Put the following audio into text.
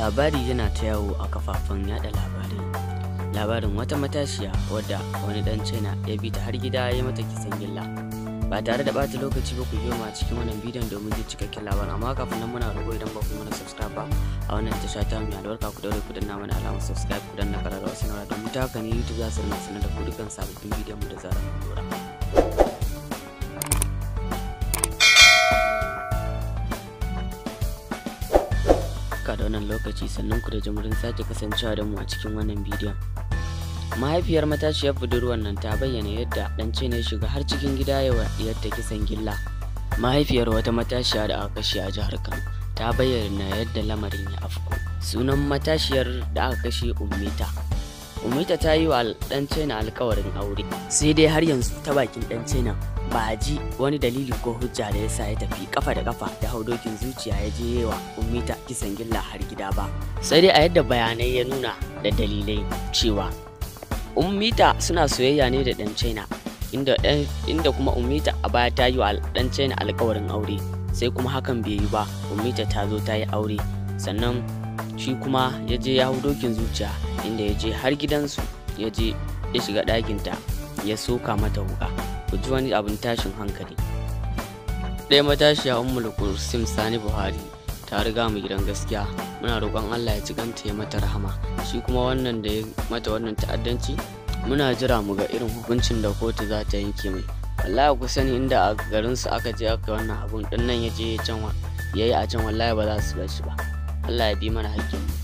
labari yana ta yawo a kafafen yada labarai labarin wata matashiya wadda wani dan china ya bi ta har gida ya mata kisan gilla ba tare da bata lokaci ba ku biyo ma cikin wannan bidiyon domin ji cikakken labarin amma kafin nan muna roƙo idan ba ku mana subscribe ba a wannan tasha ta mu albarka ku daure ku danna mana alamar subscribe ku danna kararrawa sanarwa domin ta haka ne youtube za su sanar da ku dukkan sabbin bidiyon mu da zarar mun dora da wannan lokaci sannan ku da jimurin sake kasancewa da mu a cikin wannan bidiyon. Mahaifiyar matashiyar budurwar nan ta bayyana yadda ɗance ne shiga har cikin gida yawa yadda kisan gilla. Mahaifiyar wata matashiya da aka kashe a jihar Kano ta bayyana yadda lamarin ya afko. Sunan matashiyar da aka kashe Ummita umita ta yi wa dan china alkawarin aure sai dai har yanzu ta bakin ɗan china ba a ji wani dalili ko hujja da yasa ya tafi kafa da kafa da hau dokin zuciya ya je wa umita kisan gilla har gida ba sai dai a yadda bayanai ya nuna da dalilai cewa umita suna soyayya ne da dan china inda, kuma umita a baya ta yi wa dan china alkawarin aure sai kuma hakan bai yi ba umita ta zo ta yi aure sannan shi kuma ya je ya hau dokin zuciya inda ya je har gidansu ya je ya shiga ɗakinta ya soka mata wuka ku ji wani abin tashin hankali ɗaya matashiya ummul kursim sani buhari ta riga mu gidan gaskiya muna roƙon allah ya ci ganta ya mata rahama shi kuma wannan da ya mata wannan ta'addanci muna jira mu ga irin hukuncin da kotu za ta yanke mai wallahi ku sani inda a garinsu aka je aka wannan abun ɗin nan ya je ya yi a can wallahi ba za su bar shi ba الله يديمها لها